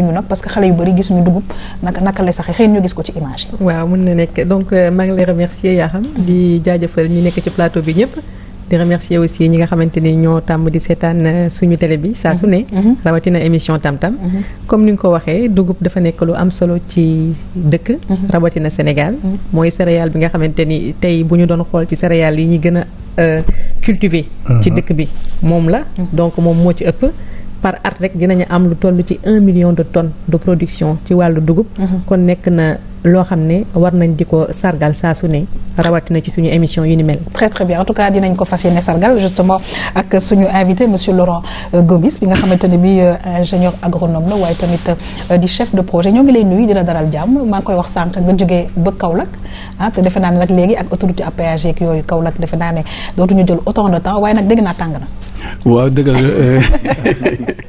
indi ñu nag parce que xale yu bëri gisuñu dugub naka naka lay saxee xëy ñu gis ko ci image yi. waaw mun na nekk donc euh, maa ngi yaa xam di jaajëfal ñi nekk ci plateau bi ñëpp. di remercier aussi ñi nga xamante ni ñoo tàmm di seetaan euh, suñu télé bi saa su ne. Mm-hmm. Mm-hmm. rawatina émission tam tam. Mm-hmm. comme ni nga ko waxee dugub dafa nekk lu am solo ci dëkk. rawatina Sénégal. mooy céréale bi nga xamante ni tey bu ñu doon xool ci céréales yi ñuy gën a euh, cultiver. ci dëkk bi moom la. donc moom par at rek dinañu am lu tollu ci 1 million de tonnes de production ci walu dugub. Mhm. kon nek na lo xamné war nañ diko sargal sa su rawati na ci suñu émission yu ni mel. très très bien en tout cas dinañ ko fassiyé yéene sargal justement ak suñu invité monsieur Laurent euh, Gomis bi nga xamante bi euh, ingénieur agronome la way tamit euh, di chef de projet ñoo ngi lay nuyu dina daral jàmm ma ngi koy wax sank nga joggé ba Kaolack ah te defe naa ne nag léegi ak autorité à ak yoyu yooyu Kaolack defe naa dootu ñu jël autant de temps way nak dégg na tàng na. 我这个。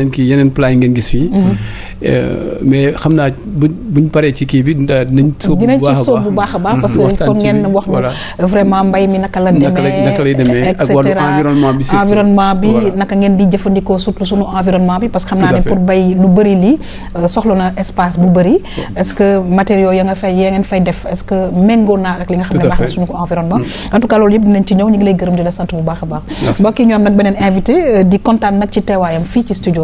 yeneen mhm. euh, euh, a naka ngeen di jëfandikoo surtout sunu environnement bi. parce que xam naa ne pour bay lu bëri lii euh, soxla na espace bu bëri. est-ce que nga fay ya ngeen fay def est-ce naa ak li nga xam ne baax na suñu ko environnement. Mm. en loolu yëpp dinañ ci ñëw ñu ngi lay gërëm di sant bu baax a baax. mbokk yi ñu nag beneen invité di kontaan nag ci teewaayam fii ci studio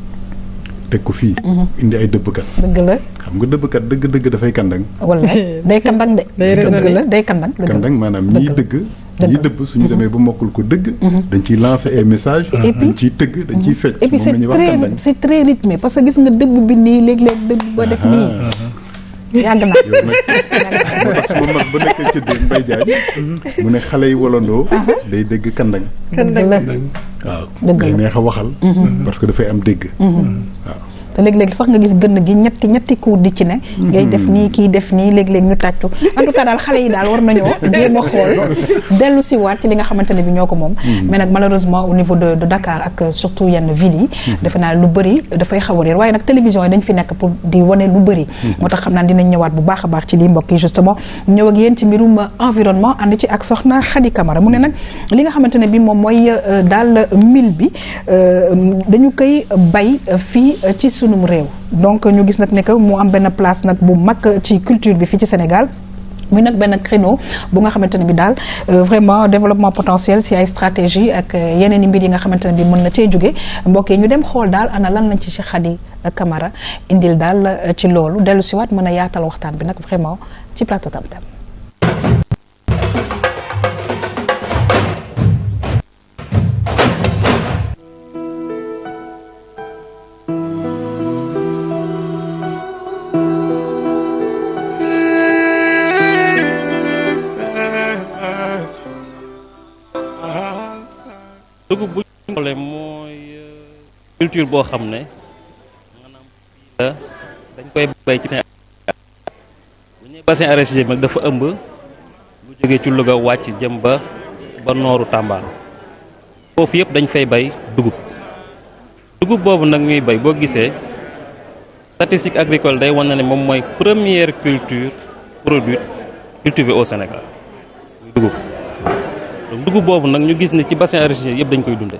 teg ko fii. Mhm. indi ay dëbbkat. dëgg la xam nga dëbbkat dëgg dëgg dafay kandang. wala day kandang de. dëgg la day kandang. kandang maanaam ñiy dëgg. ñiy dëbb suñu mhm. demee ba mokkul ko dëgg. Mhm. dañ ciy lancer ay messages. dañ ciy tëgg dañ ciy fecc. moom la wax kandang et puis c'est très gis nga dëbb bi nii léeg-léeg dëbb ba def nii. Ah, ah, ah. yàgg na yow nag moo tax ba nekk ci mu ne xale yi walandoo day dégg kandang kandang waaw day neex a waxal mhm. parce que dafay am dégg mhm. waaw te léeg-léeg sax nga gis gën gi ñetti ñetti ko di ci ne. ngay def ni kii def ni léeg-léeg ñu tàccu en tout cas dal xalé yi dal war nañoo jéem a xool dellu si waat ci li nga xamantene bi ñoko mom hmm. mais nak malheureusement au niveau de de Dakar ak euh, surtout yenn ville yi. Hmm. defe na lu bëri dafay xaw a réer nak télévision yi dañ fi nek pour di woné lu bëri. Hmm. motax xamna dinañ ñëwaat bu baaxa baax ci li mbokk justement ñëw ak yeen ci mirum environnement and ci ak soxna Khady Camara mu ne nak li nga xamantene bi mom moy euh, dal mil bi euh, dañu koy bay fi ci sunum rew donc ñu gis nak ne que mu am ben place nak bu mak ci culture bi fi ci Sénégal muy nag benn créneau bu nga xamante bi dal euh, vraiment développement potentiel si ay stratégie ak euh, yeneen i mbir yi nga xamante ne bi mën na cee jóge mbokk ñu dem xol dal ana lan lañ ci ci Khady Camara indil dal euh, ci lolu delu ci wat mëna yaatal waxtaan bi nak vraiment ci plateau Tam Tam culture boo xam ne maanaam dañ koy bay ñuy bassin arachidier bi dafa ëmb lu jógee ci Louga wàcc jëm ba ba nooru Tamba foofu yëpp dañ fay bay dugub dugub boobu nag ñuy bay boo gisee statistique agricole day na ne moom mooy première culture produite cultivée au Sénégal dugub donc dugub boobu nag ñu gis ne ci bassin arachidier yëpp dañ koy dunde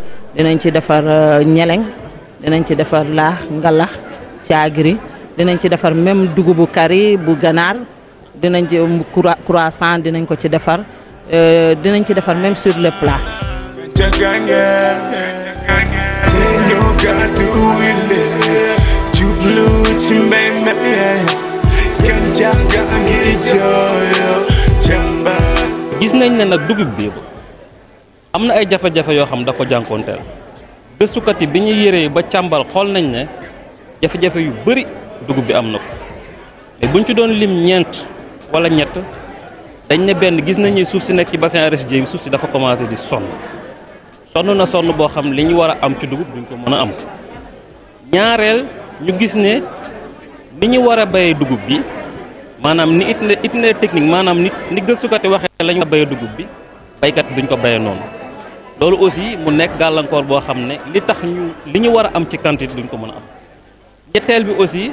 dinañ ci defar euh, ñeleng dinañ ci defar laax ngalax caagiri dinañ ci defar même dugubu kari bu ganaar dinañ ci um, croissant dinañ ko ci defar euh, dinañ ci defar même sur le plat. gis nañ ne nag dugub bi am na ay jafe-jafe yoo xam da ko jànkoonteel gëstukat yi bi ñuy yëree ba càmbal xool nañ ne jafe-jafe yu bëri dugub bi am na ko mais buñ ci doon lim ñeent wala ñett dañ ne benn gis nañu suuf si nekk ci bassin arachidier bi suuf si dafa commencé di sonn sonn na sonn boo xam li ñu war a am ci dugub duñ ko mën a am ñaareel ñu gis ne ni ñu war a bayee dugub bi maanaam ni itinéraire technique maanaam ni ni gëstukat yi waxee la war a béyee dugub bi béykat bi duñ ko béyee noonu. lolu aussi mu nek galankor bo xamne ne li tax ñu li ñu war am ci quantité duñ ko mëna am ñettel bi aussi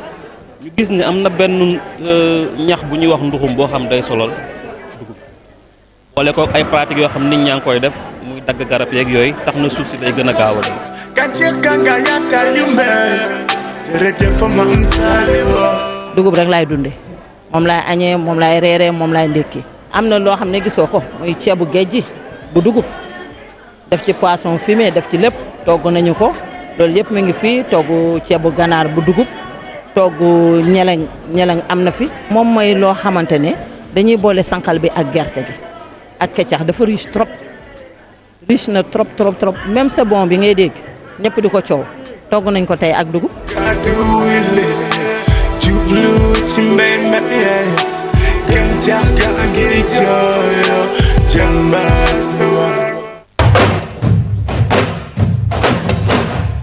ñu gis ni amna ben euh ñax bu ñu wax nduxum bo xam day solal dugub boole ko ay pratique yo xam nit ñang koy def muy dag garap yoy tax suuf ci day dugub rek dunde moom lay añee mom lay reeree mom lay ndékki am na loo xam muy ciébu bu dugub def ci poisson fumé def ci lépp togg nañu ko loolu yëpp mi ngi fii togg ceebu ganaar bu dugub togg ñeleñ ñeleñ am na fi moom mooy loo xamante ne dañuy boole sànqal bi ak gerte gi ak dafa riche trop riche na trop trop trop même sa bon bi ngay dégg ñëpp di ko nañ ko ak dugub Jangan jangan gitu, jangan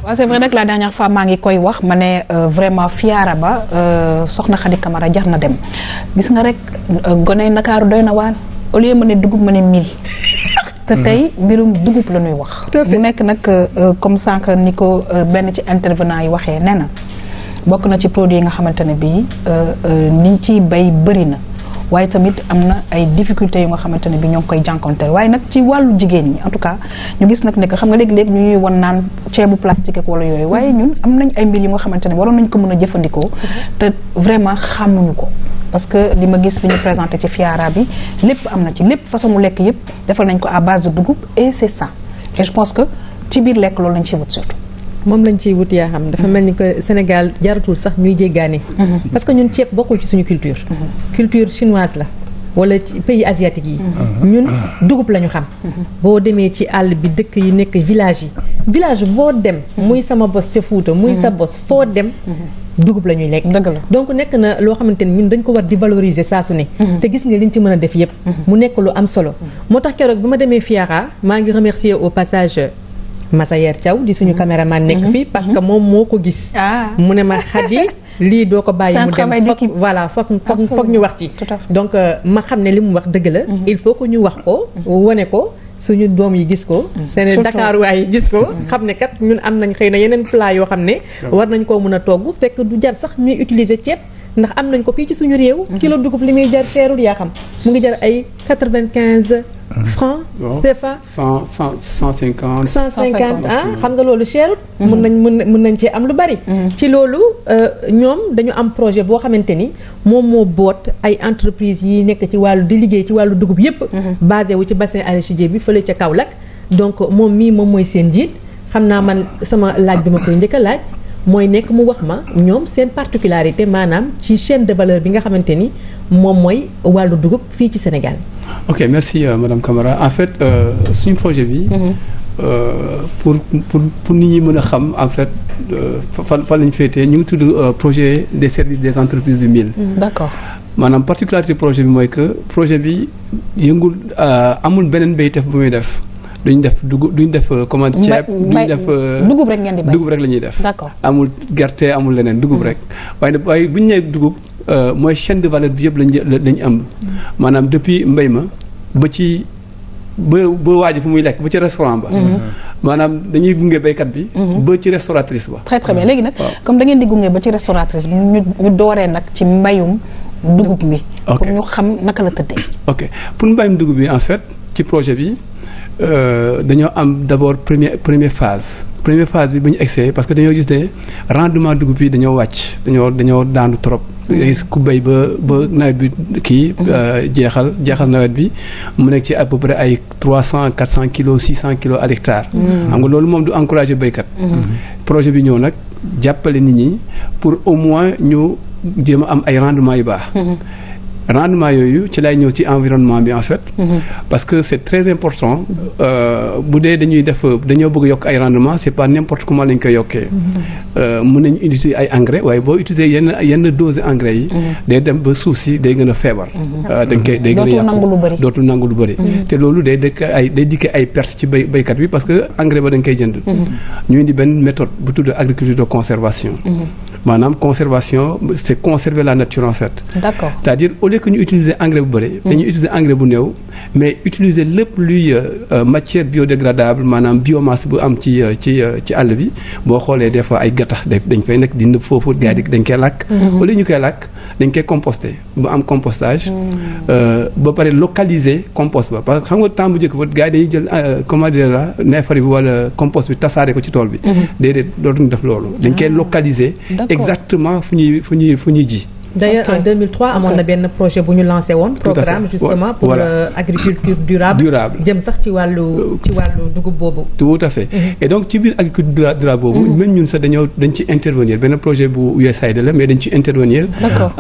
waaw c'est vrai nag la dernière fois maa ngi koy wax ma ne euh, vraiment fiyaara ba euh, soxna Khady Camara jar na dem gis nga rek euh, gone Ndakaaru doy na waan au lieu ma ne dugub ma ne mil te mm-hmm. tey mbirum dugub la ñuy wax bu nekk nag comme sànq ni ko benn ci intervenant yi waxee nee na bokk na ci produit yi nga xamante ne bii niñ ci bay bëri na waaye tamit am na ay difficultés yu nga xamante ne bi ñoo ngi koy jànkonteel waaye nag ci wàllu jigéen ñi en tout cas ñu gis nag nekk xam nga léegi-léegi ñu ñuy wan naan ceebu plastique ak yooyu waaye ñun am nañ ay mbir yu nga xamante ne waroon nañ ko mën a jëfandikoo te vraiment xamuñu ko parce que li ma gis li ñu présenté ci fiara bi lépp am na ci lépp façon mu lekk yëpp defal nañ ko à base dugub et c'est ça et je pense que ci biir lekk loolu lañ ci mom lañ ci wut ya xam dafa melni ni que Sénégal jaratul sax ñuy djégané mhm. parce que ñun ceeb bokkul ci suñu culture. Mhm. culture chinoise la. wala ci pays asiatique yi. Mhm. ñun ah. dugub lañu xam. bo démé ci all bi dëkk yi nekk village yi. village bo dem. muy sama boss ca Fuuta. muy sa boss foo dem. dugub la ñuy donc nek na lo xamante ñun dañ ko war di valoriser saa su te gis nga liñ ci mëna def yépp mu nek lu am solo. motax tax bima démé Fiara ma ngi remercier au passage. Massayer Thiaw di suñu mm-hmm. caméraman nekk mm-hmm. fii parce que moom moo ko gis. Ah. mu ne ma Khady lii doo ko bàyyi mu dem foog voilà foog foog ñu wax ci. donc euh, ma xam ne li mu wax dëgg la. Mm-hmm. il faut que ñu wax ko wane ko. suñu doom yi gis ko. seen Dakar waay yi gis ko. xam ne kat ñun am nañ xëy na yeneen plat yoo xam ne. war nañ koo mën a togg fekk du jar sax ñuy utiliser ceeb. ndax am nañ ko fii ci suñu réew. Mhm. kilo dugub li muy jar seerul yaa xam mu ngi jar ay quatre vingt quinze. Ah. franc CFA. cent cent cent cinquante. cent cinquante ah xam nga loolu seerut. mun nañ mën mën nañ cee am lu bari. Mhm. ci loolu euh, ñoom dañu am projet boo xamante ni moom moo boot ay entreprise yi nekk ci wàllu di liggéey ci wàllu dugub yépp mhm. basé wu ci bassin arachidier bi fële ca Kaolack donc moom mii moom mooy seen njiit xam naa man sama laaj bi ma koy njëkk laaj. moy nek mu wax ma ñom seen particularité manam ci chaîne de valeur bi nga xamanteni mom moy walu dugub ci Sénégal. ok merci euh, madame Camara en fait euh, suñu projet bi. Mm-hmm. Euh, pour pour pour nit ñi mëna xam en fait euh, fa fan fété ñu tudd euh, projet des services des entreprises du mil. Mm-hmm. d'accord manam particularité projet bi moy que projet bi yëngul amul benen béyteef bu muy def. duñ def dugub duñ def euh, commande ceeb duñ def euh, dugub rek ngeen di bay dugub rek la ñuy def d'accord amul gerte amul leneen dugub mhm. rek waaye nag waaye bu ñu nee dugub euh, mooy chaîne de valeur bi yëpp lañ lañ am mhm. maanaam depuis mbay ma ba ci ba ba waaj fu muy lekk ba ci restaurant ba mhm. maanaam dañuy gunge baykat bi ba ci restauratrice ba très très bien léegi nag comme da ngeen di gunge ba ci restauratrice bi ñu ñu dooree nag ci mbayum dugub mi pour ñu xam naka la tëddee ok pour mbayum dugub bi en ci projet bi Euh, dañoo am d' abord première première phase première phase bi bu ñu egsee parce que dañoo gis ne rendement dugub bi dañoo wàcc dañoo dañoo daanu trop. da gis ku bay ba nawet bi kii. Mhm. Euh, jeexal jeexal nawet bi mu nekk ci à peu ay trois cent quatre cent kilos six cent kilos à l'hectare. Mhm. xam nga loolu moom du encourager béykat. Mhm. projet bi ñëw nag jàppale nit ñi pour au moins ñu jéem am ay rendement yu baax. rendement yooyu ci lay ñëw ci environnement bi en fait. Mhm. parce que c'est très important euh, bu dé dañuy def dañu bëgg yok ay rendement c'est pas n'importe comment lañ koy mhm. euh mën nañu utiliser ay engrais waaye bo utiliser yenn yenn dose engrais yi. Mhm. day dem ba souci si day gën a euh, dañ koy day gën a yàqu dootul nangu lu bari té lolu day dëkk ay day diké ay perte ci bay baykat bi parce que engrais ba dañ koy jënd. ñu indi ben méthode bu de agriculture de conservation manam conservation c'est conserver la nature en fait. d'accord c'est-à-dire au lieu que nous engrais hmm. engrais mais utiliser plus euh, euh, matière biodégradable maintenant, biomasse bu am ci euh, ci ci des fois ay fay hmm. au lieu composter compostage. Hmm. ba vous localiser compost ba parce que xam nga temps bu comment dire compost bi vous ko ci tool bi. localiser exactement fu ñuy D'ailleurs, en 2003, on a bien un projet pour nous lancer un programme justement pour l'agriculture durable durable sax ci ci tout à fait et donc ci biir agriculture durable boobu mhm. même ñun sax dañoo dañ ci intervenir un projet bu USAID la mais dañ ci intervenir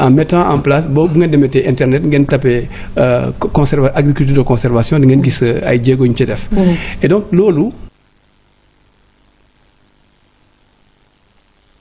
en mettant en place nous bu ngeen demetee internet ngeen tapee euh, conserva agriculture de conservation nous ngeen gis euh, ay que ñu ci def mhm. et donc loolu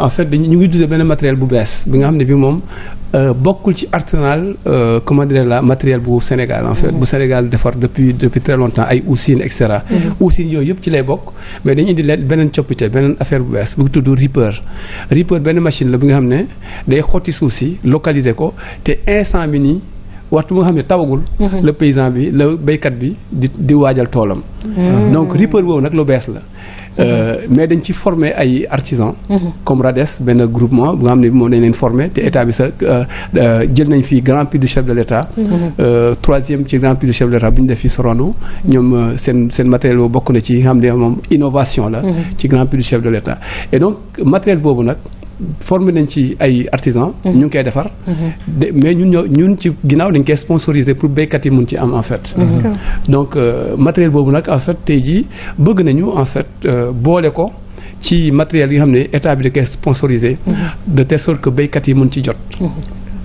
en fait dañu ngi utiliser benn matériel bu bees bi nga xam ne bi moom euh, bokkul ci arsenal euh, comment dire la matériel bu Sénégal en fait mm-hmm. bu Sénégal defar depuis depuis très longtemps ay usines et cetera. Mm-hmm. usines yooyu yëpp ci lay bokk mais dañu indi leen beneen coppite beneen affaire bu bees bu ñu tudd Reaper Reaper benn machine la bi nga xam ne day xotti suuf si localiser ko te instant bi nii. waxtu bi nga xam ne tawagul. Mm-hmm. le paysan bi le baykat bi di di waajal toolam. donc Reaper boobu nag lu bees la. Euh, mais dañ ci former ay artisans. Mhm. comme Rades ben groupement bu nga mo dañ leen former té état bi sax euh, euh, jël nañ fi grand prix du chef de l'état mhm. euh troisième ci grand prix du chef de l'état buñ def fi sorono ñom sen sen matériel boobu bokk na ci nga xam innovation la. Mhm. ci grand prix du chef de l'état et donc matériel bobu nak formé nañ ci ay artisans. Mhm. ñu ngi koy defar. Mhm. mais ñun ñoo ñun ci ginnaaw dañ koy sponsoriser pour béykat yi mun ci am en fait. Mhm. donc euh, matériel boobu nag en fait tey jii bëgg nañu en fait euh, boole ko. ci matériel yi xam ne état bi da koy sponsorisé. de telle sorte que béykat yi mun ci jot.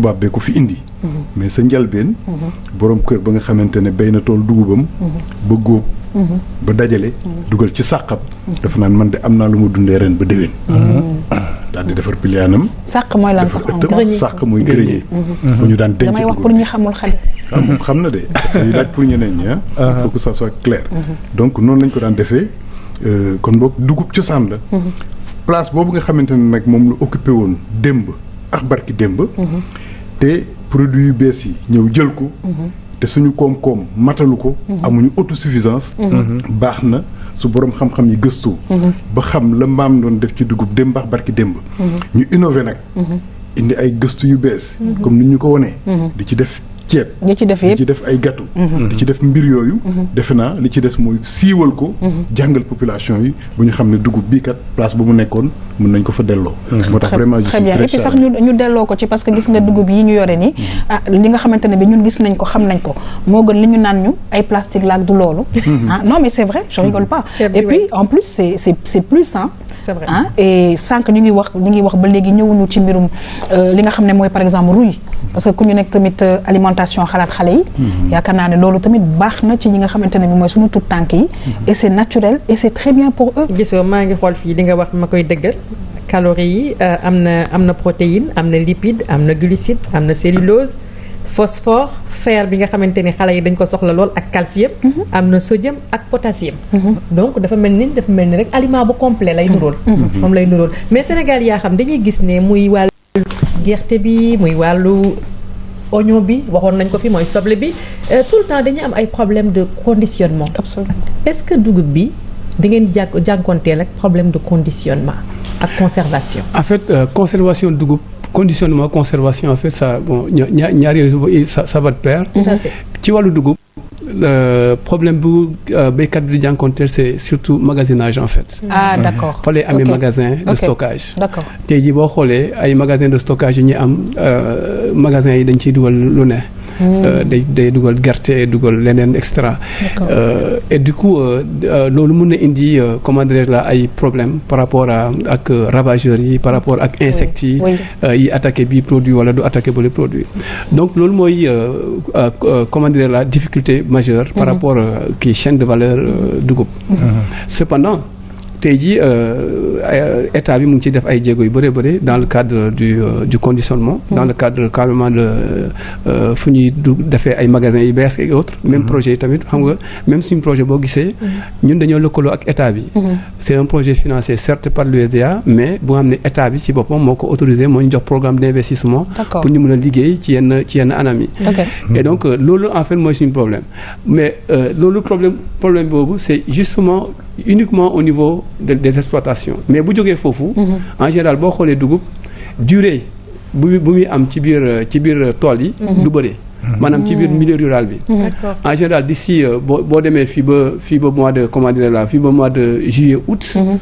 tubaab bee ko fi indi. mais sa njalbeen. borom kër ba nga xamante ne béy na tool dugubam. ba góob. ba dajale. dugal ci sàqab. dafa naan man de am naa lu ma dundee ren ba déwén. daal di defar piliyaanam. sàq mooy lan sax ëttam sàq mooy grenier. Mhm. bu ñu daan denc damay wax ah, moom na de dañuy laaj pour ñeneen ñi ah. pour uh-huh. que ça soit clair. ko daan defee euh, kon boog la. Mhm. place boobu nga xamante ne nag moom lu occupé woon démb ak barki démb. Mhm. te produit yu bees yi ñëw jël ko te suñu koom-koom matalu ko amuñu autosuffisance baax na su borom xam-xam yi gëstoo ba xam la maam doon def ci dugub démb baax barki démb ñu innové nag indi ay gëstu yu bees comme ni ñu ko wonee di ci def ceeb di ci def ay gâteau mhm. di ci def mbir yooyu mhm. defe naa li ci des mooy siiwal ko mhm. jàngal population yi bu ñu xam ne dugub bii kat place bu mu nekkoon mën nañ ko fa delloo moo tax vraiment très et puis sax ñu ñu delloo ko ci parce que gis nga dugub yi ñu yore ni ah li nga xamante ne bi ñun gis nañ ko xam nañ ko moo gën li ñu naan ñu ay plastique laak du loolu ah non mais c'est vrai je rigole pas et puis en plus c'est c'est c'est plus sain c'est vrai ah et sànq ñu ngi wax ñu ngi wax ba léegi ñëwuñu ci mbirum euh, li nga xam ne mooy par exemple rouille parce que ku ñu nekk tamit euh, alimentation xalaat xale yi. Mhm. yaakaar naa ne loolu tamit baax na ci ñi nga xamante ne bi mooy suñu tout tànk yi. Mhm. et c'est naturel et c'est très bien pour eux. gisoo maa ngi xool fii li nga wax ma koy dëggal. calories yi euh, am na am na protéine am na lipide cellulose phosphore fer bi nga xamante ni xale yi dañ ko soxla lool ak calcium. Mhm. am sodium ak potassium. donc dafa mel ni dafa mel ni rek aliment bu complet lay nuróol. moom lay nuróol mais Sénégal yaa xam dañuy gis ne muy wàll gerte bi muy walu oignon bi waxoon nañ ko fi moy soble bi euh, tout le temps dañuy am ay problème de conditionnement. absolument est-ce que dugub bi da ngeen jànk jànkonteel ak problème de conditionnement à conservation. en fait euh, conservation dugub conditionnement conservation en fait ça bon ñaari ça ça va de pair. tout à fait ci walu dugub le problème bu euh, béykat bi di c'est surtout magasinage en fait. ah d'accord Pour à mes magasins de stockage. d'accord tey jii aller à ay magasin de stockage il y a euh, magasin yi dañ ciy dugal lu Mmh. Euh, des day dugal gerte dugal lenen et euh, et du coup euh, loolu le na indi comment dirais la problème par rapport à la ravagerie, par rapport à insectes yi. yi attaqué bi produit wala du attaquer le produit donc loolu mooy comment dirais difficulté majeure. par mmh. rapport qui chaîne de valeur du groupe. Mmh. cependant tey jii euh, euh, état bi mu ngi ciy def ay dans le cadre du euh, du conditionnement. Mmh. dans le cadre carrément de fini d'affaires du ay magasins yu et autres. même mmh. projet tamit xam nga même suñu projet boo gisee. Mmh. ñun dañoo le ak état bi. C'est un projet financé certes par l'USDA mais bu amenez xam état bi ci boppam autorisé mon programme d'investissement pour nous mën qui liggéey qui yenn un ami. et donc l'eau en fait moi c'est un problème mais le problème problème boobu c'est justement uniquement au niveau des exploitations mais bu jógee fou. Mhm. en général am ci avez ci mhm. mhm. milieu rural bi. en général d'ici euh, au mois de mois de juillet août. Euh,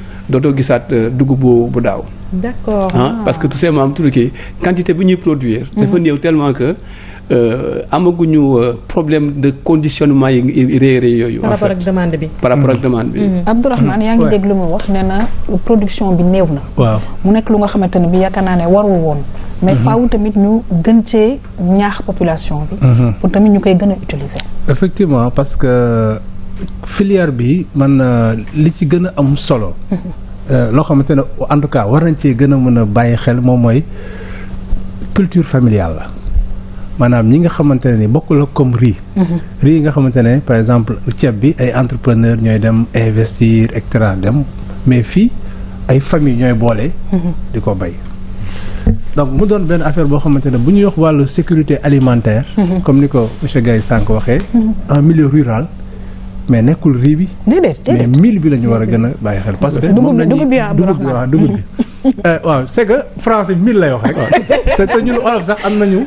d'accord ah, parce que tout simplement quand quantité produire. dafa tellement que. Euh, amaguñu euh, problème de conditionnement yi réy réy yooyu. par rapport ak demande bi. par rapport ak demande bi. Mm-hmm. Abdourahmane yaa ngi dégg lu mu wax nee na production bi néew na. waaw mu nekk lu nga xamante ne bi yaakaar naa ne warul woon. mais mm-hmm. faaw tamit ñu gën cee ñaax population bi. Mm-hmm. pour tamit ñu koy gën a utiliser. effectivement parce que filière bi man euh, li ci gën a am solo. loo xamante ne en tout cas war nañ cee gën a mën a bàyyi xel moom mooy culture familiale la. manam ñi nga xamantene ni bokkul ak comme riz. Mhm. riz nga xamantene par exemple ceeb bi ay entrepreneur ñoy dem investir et cetera dem mais fi ay famille ñoy bolé mhm. diko bay donc mu doon ben affaire bo xamantene ne bu ñuy wax walu sécurité alimentaire. Mhm. comme niko monsieur gay sank waxé en milieu rural. mais nekul riz bi. mais mille bi lañu wara gëna a xel. parce que moom la ñuy bi waaw dugub bi. Euh, waaw c'est que français mille lay wax rek. te te ñun olof sax am nañu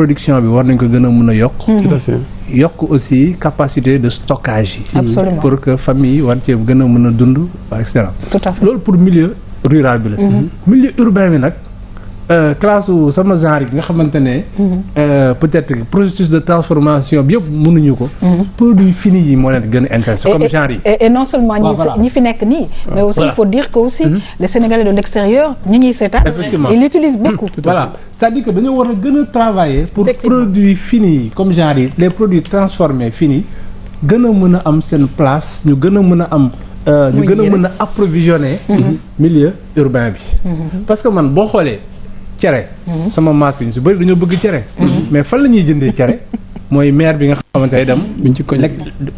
production bi war nañ ko gën a mën a yokk. tout à mhm. fait yokk aussi capacité de stockage yi. absolument pour que famille yi war cee gën a mën a dund et cetera. tout à fait loolu pour milieu rural bi la. Mhm. milieu urbain bi nag. Euh, classe ou sama genre gi nga xamante mhm. euh peut-être processus de transformation bi yëpp mënuñu ko. Mhm. produit fini yi gën comme genre et non seulement ni ah, fi ni ni ah, mais aussi il faut dire que aussi. Mhm. les Sénégalais de l'extérieur ils l'utilisent beaucoup. voilà c'est-à-dire que nous wara travailler. pour les produits finis comme genre les produits transformés finis nous mëna am sen place ñu gëna mëna am euh ñu approvisionner. milieu urbain parce que man bo xolé cere. Mhm. sama maas yi ñu si bëri dañoo bëgg cere. Mhm. mais fan la ñuy jëndee cere. mooy maire bi nga xamante ne dem. buñ ci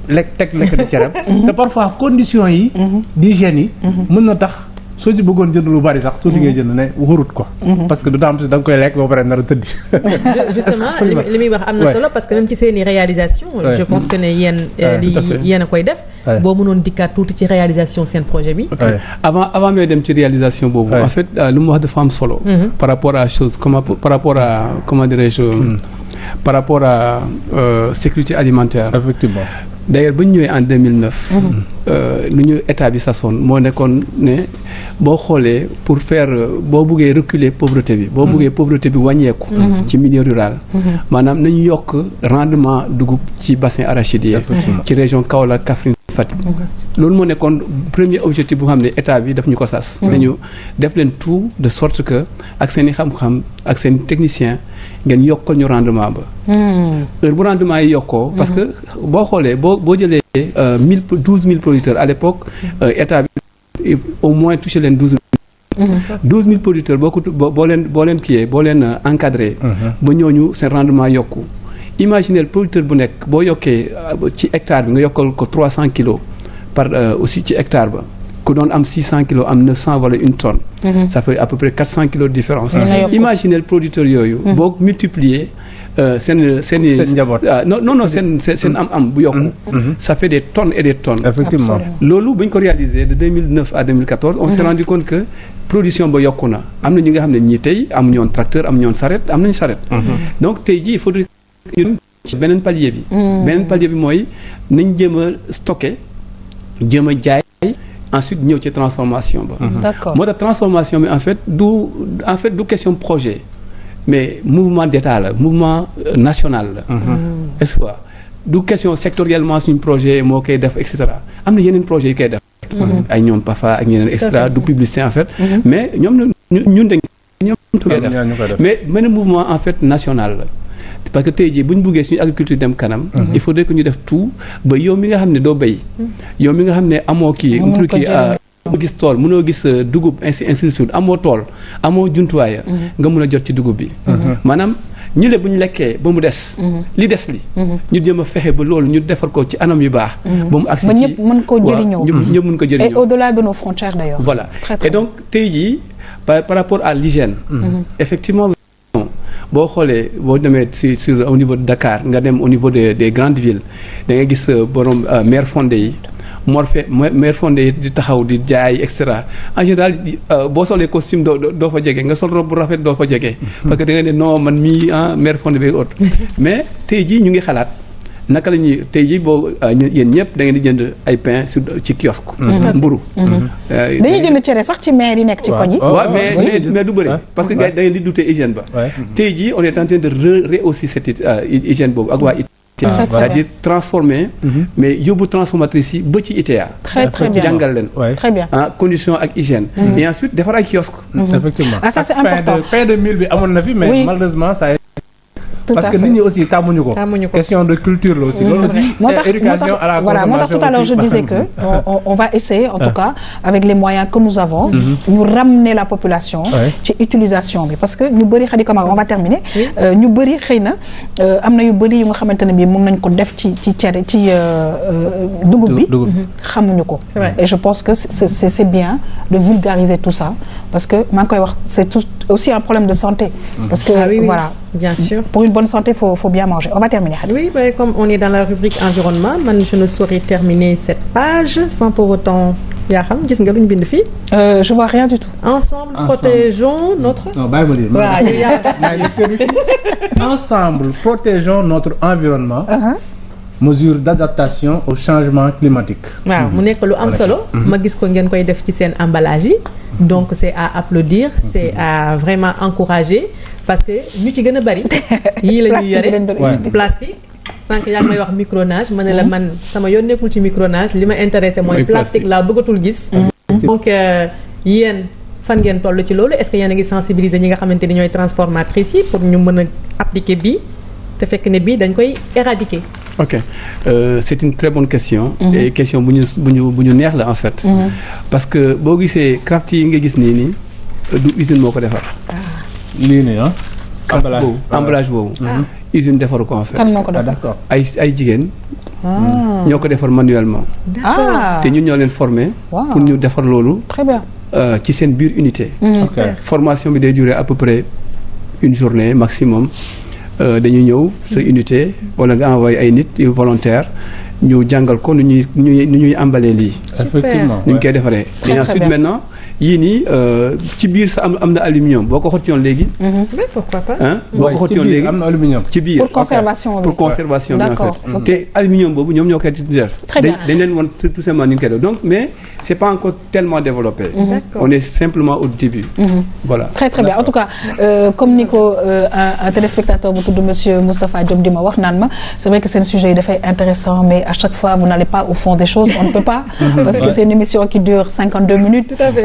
lekk teg lekk cere. Mhm. te parfois conditions yi. d'hygiène yi. mën na tax. soo ci bëggoon jënd lu bari sax tuuti ngay mm-hmm. jënd ne warut ko. Mm-hmm. parce que du temps da nga koy lekk ba pare nar a tëdd. justement li muy wax am na solo parce que même ci seen i réalisation je pense que ne yéen euh, li yéen a koy def boo mënoon dikkaat tuuti ci réalisation seen projet bi avant avant may dem ci réalisation boobu en fait euh, lu mu wax dafa am solo mm-hmm. par rapport à chose comment par rapport à comment dirais-je hmm. par rapport à euh, sécurité alimentaire effectivement D'ailleurs, en 2009. nous mhm. euh, ñu établi ça sasoon moo nekkoon pour faire boo buggee reculer pauvreté bi. Mhm. pauvreté bi wàññeeku. Mhm. ci milieu rural. avons nañu qui rendement dans ci bassin arachidier. la région Kaola-Kafrin. Fatick. loolu moo nekkoon premier objectif bu xam ne état bi daf ñu ko sas. Mm-hmm. nañu def leen tout de sorte que ak seen i xam-xam ak seen technicien ngeen yokkal ñu rendement ba. Mm-hmm. heure bu rendement yi yokkoo. parce que mm-hmm. boo xoolee boo boo jëlee euh, mille douze mille producteurs à l'époque euh, état bi au moins touché leen douze douze mille producteurs boo ko boo leen boo leen kiiyee boo leen euh, encadré. ba ñooñu seen rendement yokku imaginez le producteur bu nek euh, hectare nga 300 kg par euh, aussi ci hectare ba ku a am 600 kilos am 900 wala une tonne. Mhm. ça fait à peu près 400 kg de différence. imaginez producteur qui a multiplié seen seen. Ah, non non c'est un mhm. mhm. ça fait des tonnes et des tonnes. effectivement Lolo, quand on ko réalisé de 2009 à 2014. on s'est rendu compte que. la production ba yokku na am a ñi nga tracteurs, on charrettes, tey amuñu tracteur donc il faudrait yónni ci beneen palier bi. Hmm. beneen palier bi mooy nañ jéem a stocké jéem a jaay. ensuite ñëw ci transformation ba. Hmm. d'accord moo tax transformation bi en fait du en fait du question projet mais mouvement d'État la mouvement euh, national la. Hmm. est-ce du question sectoriellement suñu projet moo koy def et cetera am na yeneen projet yu koy def. ay ñoom PAFA ak ñeneen extra du publicité en fait. mais ñoom ñun dañ ñoom ñu koy def mais benn mouvement en fait national la parce que agriculture dem kanam. Mhm. il faudrait que ñu def tout ba yow mi nga xamné do bay mhm. yow mi nga xamné amo ah, euh, mhm. jot ci dugub bi. ba mu des. li des li. ñu ba ñu ko ci anam yu baax. mu ci ko et au-delà de nos frontières d'ailleurs. voilà et donc par rapport à l'hygiène effectivement boo xoolee boo demee si sur au niveau de Dakar nga dem au niveau de des grandes villes dangay gis euh, borom euh, maire fondé yi morfe maire fondé yi di taxaw di jaay et cetera en général euh, boo solee costume doo doo fa jege nga sol robe bu rafet doo fa jege. parce que da nga ne non man mii ah maire fondé bi autre mais tey jii ñu ngi xalaat. naka la ñuy tey jii boo ah, yéen da ngeen di jënd ay pain ci kiosque. Mm-hmm. Mm-hmm. mburu mm-hmm. Euh, dañuy jënd cere sax ci maire yi nekk ci koñ yi. waaw oh, mais oh, mais du bëri. parce que gars da ngeen di douter hygiène ba. tey jii on est en train de rehausser cette euh, hygiène boobu ak waa it. Ah, c'est-à-dire transformer. mais yobu transformatrice yi ba ci ITA. très très ah, bien jàngal leen. très bien ah condition ak hygiène. et ensuite defar ay kiosque. effectivement ah ça c'est important pain de mille bi amon na fi mais malheureusement ça parce que nous aussi tàmmuñu question de culture la aussi. aussi éducation à la voilà tout à l'heure je disais que on va essayer en tout ah. cas avec les moyens que nous avons. Mm-hmm. nous ramener la population. ci utilisation parce que nous, bëri xadi comme on va terminer. nous, euh, bëri xeyna euh, amna yu bëri yu nga xamantene bi nañ ko def ci ci ci euh, bi. Mm-hmm. et je pense que c'est bien de vulgariser tout ça parce que koy wax c'est aussi un problème de santé. Mm-hmm. parce que ah voilà. Bien mm. sûr. Pour une bonne santé, il faut, bien manger. On va terminer. Oui, ben, comme on est dans la rubrique environnement, je ne saurais terminer cette page sans pour autant euh, je vois rien du tout. Ensemble, protégeons notre. Ensemble, protégeons notre environnement. Uh-huh mesures d'adaptation au changement climatique. waaw mu nekk lu am solo. Mhm. ma gis ko ngeen koy def ci emballage mhm. donc c'est à applaudir mhm. c'est à vraiment encourager parce que ñu ci gën a bari. y a ñuy yore plastique. sans qu'il ngi may wax micronage ma ne la man sama yoon nekkul ci micronage li ma intéressé mooy plastique laa bëggatul gis donc euh, yéen fan ngeen toll ci loolu est-ce qu'il y a ngi sensibiliser ñi nga transformatrices pour ñu mën appliquer bi, te fekk ne bii dañ koy éradiquer ok euh, c'est une très bonne question. Mhm. et question bu ñu bu neex la en fait. Mhm. parce que bon gisee craft yi nga a des nii euh, du usine moko ko defar. Ah. hein? emballage emballage boobu. Ah. Mhm. Ah. usine defaru ko en fait. kan moo ko defar ay ay jigéen. ñoo defar manuellement. te ñun ñoo leen pour ñu defar loolu. très bien euh, ci seen biir unité. formation bi day durer à peu près une journée maximum. Euh, dañuy ñëw sa unité wala nga envoyé ay nit yu volontaire ñu jàngal ko nu ñuy nu ñuy nu ñuy lii. effectivement ñu ngi koy defaree. et ensuite maintenant yini y euh, ci biir sa am amna aluminium mais mhm. pourquoi pas. Hein? aluminium pour conservation pour conservation en fait té aluminium bobu dañ tout simplement donc mais c'est n'est pas encore tellement développé. Mhm. on est simplement au début. Mhm. voilà très très bien en tout cas euh, comme Nico, euh, un téléspectateur bu M. monsieur Moustapha Diop dima wax vrai que c'est un sujet intéressant mais à chaque fois vous n'allez pas au fond des choses on ne peut pas. parce que c'est une émission qui dure 52 minutes. Tout à fait.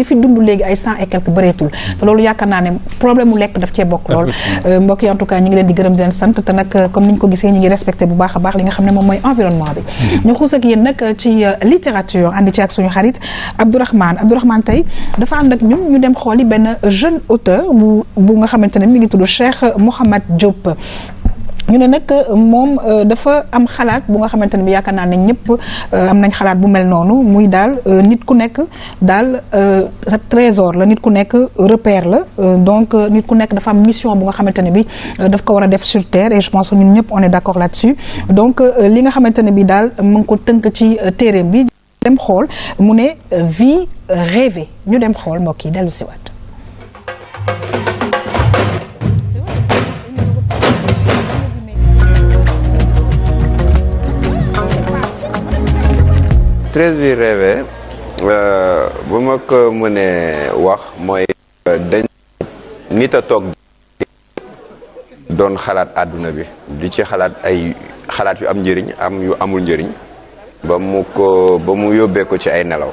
di fi dund léegi ay cent et quelque bëreetul te loolu yaakaar naa ne problème mu lekk daf cee bokk lool euh, mbokk yi en tout cas ñu ngi leen di gërëm di leen sant te nag comme ni ñu ko gisee ñu ngi respecté bu baax a baax li nga xam ne moom mooy environnement bi mm-hmm. ñu xuus ak yéen nag ci euh, littérature ànd ci ak suñu xarit Abdourahmane Abdourahmane tey dafa ànd ak ñun ñu dem xooli benn jeune auteur bu bu nga xamante ne mi ngi tudd Cheikh Mouhamad Diop ñu ne nag euh, moom euh, dafa am xalaat bu nga xamanteni ne bi yaakaar naa ne euh, am nañ xalaat bu mel nonu muy dal nit ku nekk dal sa trésor la nit ku nekk repère la donc nit ku nekk dafa am mission bu nga xamanteni bi daf ko wara def sur terre et je pense ñun ñepp on est d'accord là-dessus donc li nga xamanteni bi dal mu ngi ko tënk ci téeréem bi dem xol mu ne vie rêvée ñu dem xol mbokk yi dellu siwaat treize bi rêve euh, bu ma ko mënee wax mooy euh, dañ nit a toog doon xalaat àdduna bi di ci xalaat ay xalaat yu am njëriñ am yu amul njëriñ ba mu ko ba mu yóbbee ko ci ay nelaw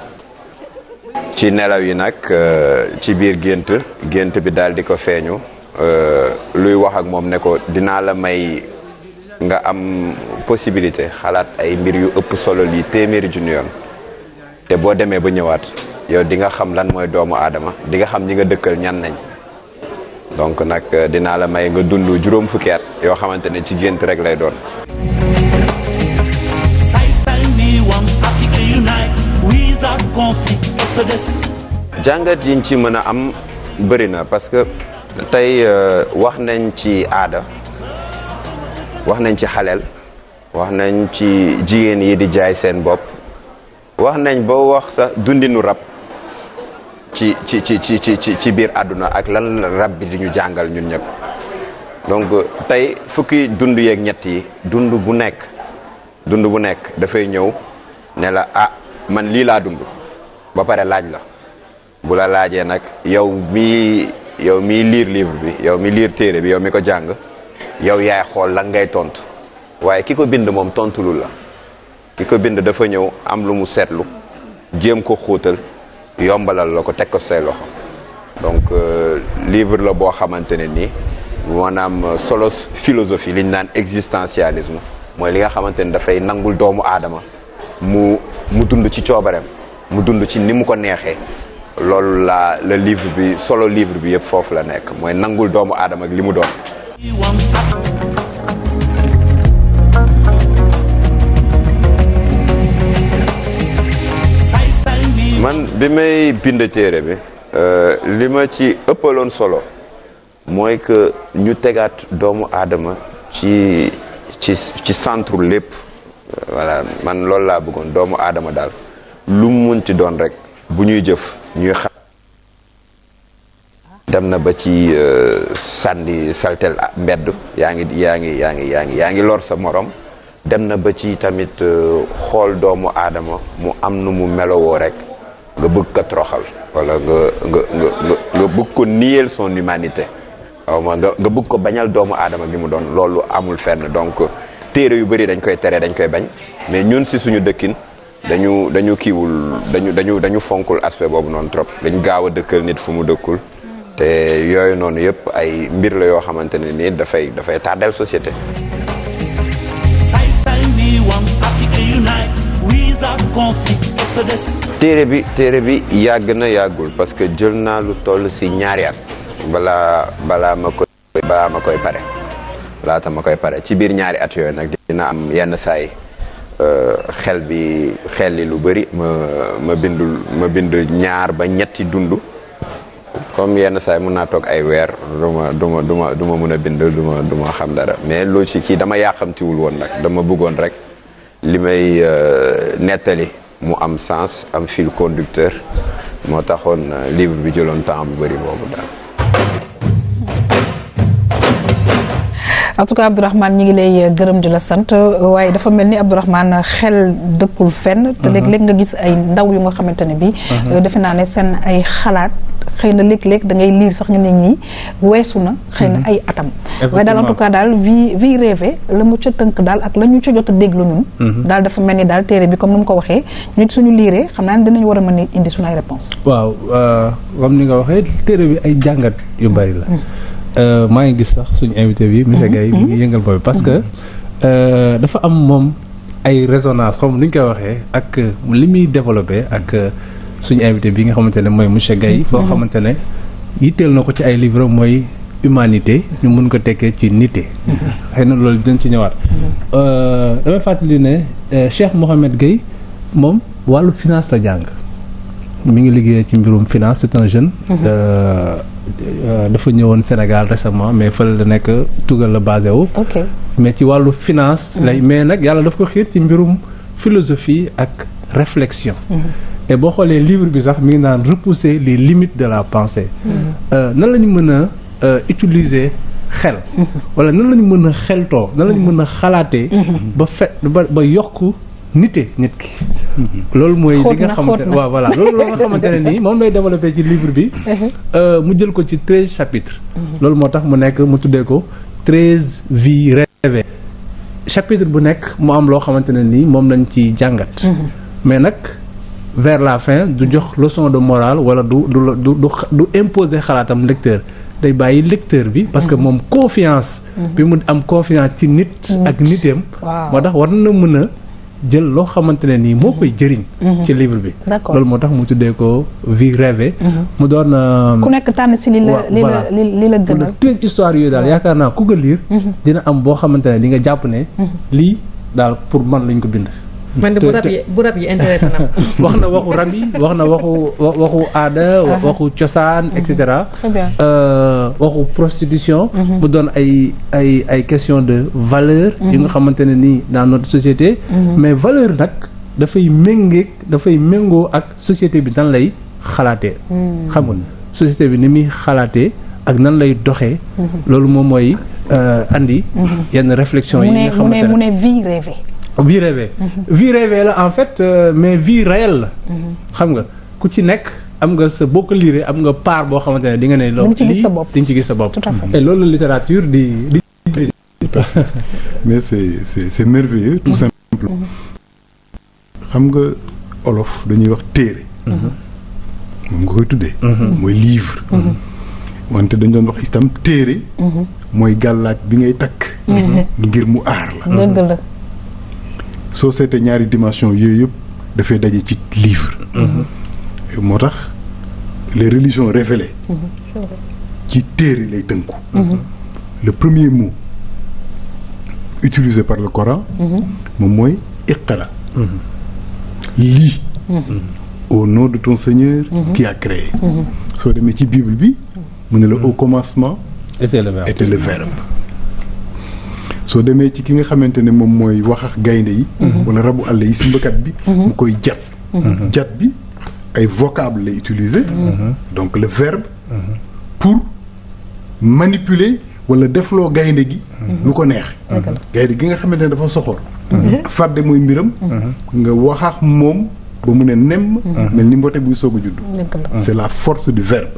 ci nelaw yi nag euh, ci biir gént gént bi daal di ko feeñu luy wax ak moom ne ko dinaa la may nga am possibilité xalat ay mbir yu ëpp solo li téeméeri junni yoon te boo demee ba ñëwaat yow di nga xam lan moy doomu adama di nga xam ñi nga dëkkal ñan nañ donc nak euh, dina la may nga dundu juroom fukkat yo xamantene ci gënt rek lay doon jangat yiñ ci mëna am bëri na parce que tay euh, wax nañ ci aada wax nañ ci xaleel wax nañ ci jigéen yi di jaay seen bopp wax nañ boo wax sax dundinu rab ci ci ci ci ci ci biir àdduna ak la rab bi di ñu jàngal ñun ñëpp donc tey fukki dund yeeg ñett yi dund bu nekk dund bu nekk dafay ñëw ne la ah, man lii laa dund ba pare laaj la bu la laajee nag yow mi yow mi liir livre bi yow mi liir téere bi yow mi ko jàng yow yaay xool lan ngay tontu waaye ki ko bind moom tontulul la ki ko bind dafa ñëw am lu mu seetlu jéem ko xóotal yombalal la ko teg ko say loxo donc euh, livre la boo xamante ne nii maanaam euh, solo philosophie li naan existentialisme mooy li nga xamante ni dafay nangul doomu aadama mu mu dund ci coobareem mu dund ci ni mu ko neexee loolu la la livre bi solo livre bi yëpp foofu la nekk mooy nangul doomu aadama ak li mu doon man bi may bind téere bi euh, li ma ci ëppaloon solo mooy que ñu tegaat doomu aadama ci ci ci centre lépp voilà man loolu laa bëggoon doomu aadama daal lu mu munti doon rek bu ñuy jëf ñuy xam dem na ba ci euh, sandi saltel mbedd yaangi yaangi yaangi yaangi yaangi lor sa morom dem na ba ci tamit euh, xol doomu adama mu am nu mu melowoo rek nga bëgg ka troxal wala nga nga nga nga bëgg ko son humanité aw ma nga nga bëgg ko bañal doomu adama bi mu doon loolu amul fenn donc téré yu bari dañ koy tere dañ koy bañ mais ñun si suñu dëkkin dañu dañu kiwul dañu dañu dañu fonkul aspect bobu non trop dañ gaawa nit fu mu dëkkul te yooyu noonu yëpp ay mbir la yoo xamante ne nii dafay dafay tardel société. téere bi téere bi yàgg na yàggul parce que jël naa lu toll si ñaari at balaa balaa ma koy balaa ma koy pare laata ma koy pare ci biir ñaari at yooyu nag dina am yenn saay euh, xel bi xel li lu bari ma ma bindul ma bind ñaar ba ñetti dund comme yenn say mun naa toog ay weer duma duma duma duma mun bind duma duma xam dara mais lo ci ki dama wul won nak dama bëggon rek limay euh, netali mu am sens am fil conducteur mo taxone euh, livre bi jëlon temps bu bari bobu daal en tout cas abdourahmane ñi ngi lay euh, gërëm di la sant waye dafa melni ni abdourahmane xel dekkul fenn te mhm. leg leg nga gis ay ndaw yu nga xamantene bi defena ne mhm. sen ay xalaat xëy na léeg-léeg dangay ngay liir sax nga ne ñii weesu na xëy na mhm. ay atam waaye daal en tout daal vie vie rêvée la mu ca tënk daal ak la ñu ca jot a déglu ñun mhm. daal dafa mel ni daal téere bi comme ni mu ko waxee nit suñu liiree xam naa ne war a mën a indi suñu ay waaw euh, comme ni nga waxee téere bi ay jàngat yu bari la mhm. euh, maa ngi gis sax suñu invité bi monsieur Gaye mi ngi yëngal boobu parce que euh, dafa am moom ay résonance comme ni ñu koy waxee ak li muy développé ak suñu invité bi nga xamante ne mooy monsieur Gaye foo xamante ne yitteel na ci ay livre mooy humanité ñu mun ko tekkee ci nité loolu Mohamed Gaye mom, wàllu finance la jàng mi ngi liggéey ci finance c'est un jeune mhm. euh, euh, dafa ñëwoon Sénégal récemment mais fële la nekk tugal la basé wu mais ci finance mhm. mais ko philosophie ak réflexion mhm et boo xoolee livre bi sax mi ngi naan repousser les limites de la pensée. Mm. Euh, nan la ñu euh, utiliser xel. Mm-hmm. wala nan la ñu mën a xeltoo nan la ñu mën a mm-hmm. xalaatee. Mm-hmm. ba fe ba ba yokk. nite nit ki. loolu mooy li nga xamante ne waaw voilà loolu loo nga xamante ne nii lay développé ci livre bi. Uh-huh. Euh, mu jël ko ci treize chapitres. loolu moo tax mu nekk mu tuddee ko 13 vies rêvées. chapitre bu nekk mu am loo xamante ne nii moom lañ ci jàngat. mais nag vers la fin du jox leçon de morale wala du du du du imposer lecteur day lecteur bi parce que mhm. confiance mhm. bi mu am confiance ci nit ak nitem motax war na pour man de bu rab yi bu rab yi intéressé na wax na waxu rab yi wax na waxu waxu aada. waxu cosaan et cetera. Eh, waxu prostitution. mu mhm. doon ay ay ay question de valeur. yi mhm. nga xamantene ni dans notre société. Mhm. mais valeur fay dafay da fay mengo ak société bi dan lay xalaatee. xam société bi ni mi xalaatee ak nan lay lolou mom moy euh andi. yenn réflexion yi nga xamantene mu ne mu ne vie rêvée vie rêvée mhm. vie rêvée en fait euh, mais vie réelle tu mhm. xam nga ku ci tu am nga sa tu part et la littérature mais c'est c'est c'est merveilleux tout mhm. simplement xam nga olof dañuy wax c'est -hmm. livre wante wax un bi ngay sur cette dimension yooyu yëpp dafay des ci livre. Mhm. les religions révélées. qui mhm. téere lay tënku. Mhm. le premier mot utilisé par le Coran. moom mooy iqra. au nom de ton Seigneur. qui a créé. sur les ci Bible bi au commencement. était était le verbe. So, demee ci ki nga ne moom mooy wax yi mhm. wala rabu àll yi bi mhm. koy mhm. bi ay vocable utiliser donc le verbe pour manipuler wala le gaynde gi lu ko neex dafa soxor mbiram nga ba mu mel c'est la force du verbe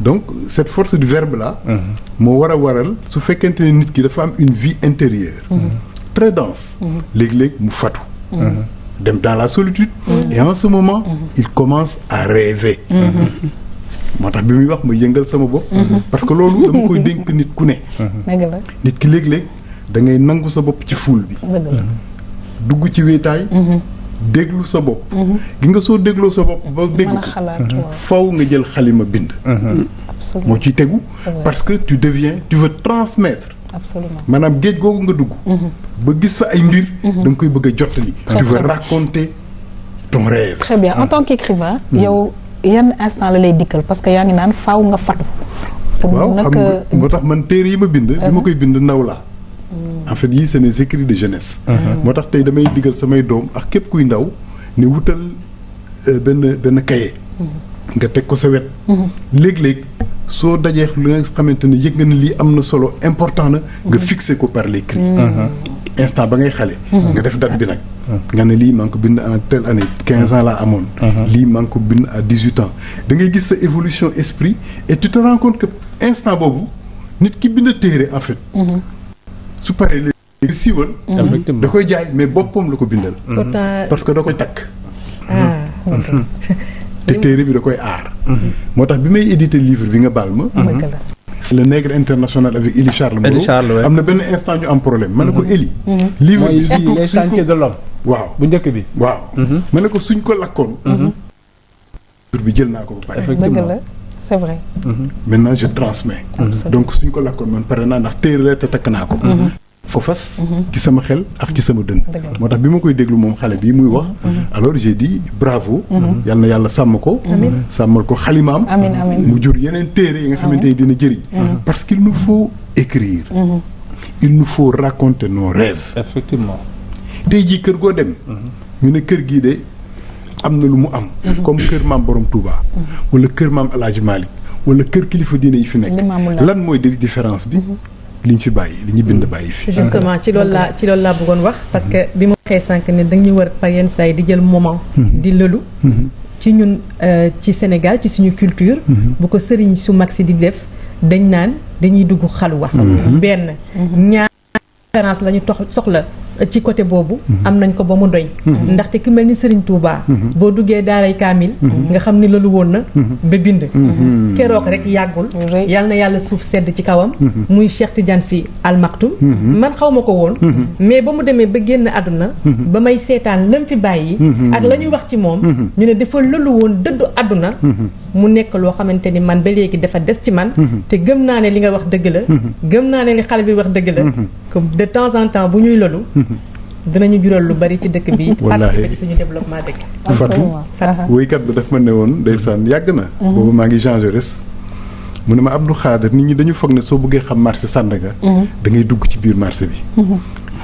donc cette force du verbe là. Mhm. moo war a waral su fekkente ne nit ki dafa am une vie intérieure. Mhm. très dense. Mhm. leg leg mu fatu. dem dans la solitude. et en ce moment. il commence à rêver. moo tax bi muy wax ma yëngal sama bop parce que lolu dama koy denk nit ku ne. nit ki leg leg da ngay nangu sa bop ci foule bi. dugg ci wéetaay déglu sa bop mhm. gi nga soo dégloo sa bop ba déglu ko mhm. faw nga jël khalima bind. Mhm. moo ci tegu parce que tu deviens tu veux transmettre. absolument manam géej googu nga dugg. ba gis fa ay mbir. dang koy bëgg a tu veux raconter ton rêve. très bien en tant qu'écrivain. yow yan instant la lay dikkel parce que yaa ngi naan faaw nga fatu. pour nag waaw xam nga moo man téré yi ma bind. li ma uh-huh. koy bind ndaw laa en fait yii c'est mes écrits de jeunesse. Uh-huh. motax tay damay diggal samay dom ak kep kuy ndaw ni wutal ben ben kaye. nga tek ko sa wet. Uh-huh. leg leg so dajé lu nga xamante ne yëg nga ne lii solo important na. nga uh-huh. fixer ko par l'écrit. instant ba ngay xalé nga def date bi nak nga ne li manko bind en telle année 15 ans la amone li manko bind à 18 ans. da ngay gis sa évolution esprit et tu te rends compte que instant bobu nit ki bind téré en fait. su paree léegi siiwal. da koy jaay mais boppam la ko bindal. Mhm. parce que da koy takk. Ah, mhm. Mhm. te téere bi da koy aar. moo tax bi may édité livre bi nga baal ma. le nègre international avec Élie Charles Moreau am na benn instant ñu am problème ma ne ko Élie livre bi suñ ko les chantiers waaw bu njëkk bi waaw ma ne ko suñ ko lakkoon livre bi jël naa ko ba pare c'est vrai. Mhm. maintenant je transmets. donc suñ ko lakkoon man pare naa ndax téere la te takk ko. Mhm. fofas qui mhm. sama xel ak ci sama dënn Moi, tax mon coup koy déglu moom xale bi muy wax alors j'ai dit bravo yal na yàlla sàmm ko sàmmal ko xalimaam mu un yeneen téere yi nga xamante ni dina jëriñ parce qu'il nous faut écrire il nous faut raconter nos rêves effectivement tey jii kër goo dem ñu ne kër amna lu mu am. Mm-hmm. comme keur maam borom Touba. Mm-hmm. wala keur maam El malik wala keur kilifa diine yi fi nek lan mooy différence bi. Mm-hmm. liñ ñu fi bàyyi bind bàyyi fi. justement ci loolu la ci loolu la bëggoon wax parce que bi xé sank sànq ne dañu war par yenn saa di jël moment. di lelu ci ñun euh, ci Sénégal ci suñu culture. bu ko sëriñ su maxi si di def dañ naan dañuy dugg xaluwa ben ñaar différence lañu tox soxla. ci côté boobu am nañ ko ba mu doy ndaxte ki mel ni Serigne Touba boo duggee daaray kaamil nga xam ni loolu woon na ba bind keroog rek yàggul yal na yàlla suuf sedd ci kawam muy Cheikh Tidiane si Al man xaw ma ko woon mais ba mu demee ba génn àdduna ba may seetaan lam fi bàyyi ak la ñuy wax ci moom ñu ne dafa loolu woon dëddu àdduna mu nekk loo xamante ni man ba léegi dafa des ci man te gëm naa ne li nga wax dëgg la gëm naa ne li xale bi wax dëgg la que de temps en temps bu ñuy loolu dinañu jural lu bari ci dëkk bi participer ci suñu développement dëkk Fatou ma ne woon ndeysaan yàgg na mhm. boobu maa ngi Jean mu ne ma Abdou Khader nit ñi dañu foog ne soo bëggee xam marché Sandaga mhm. da ngay dugg ci biir marché bi mhm.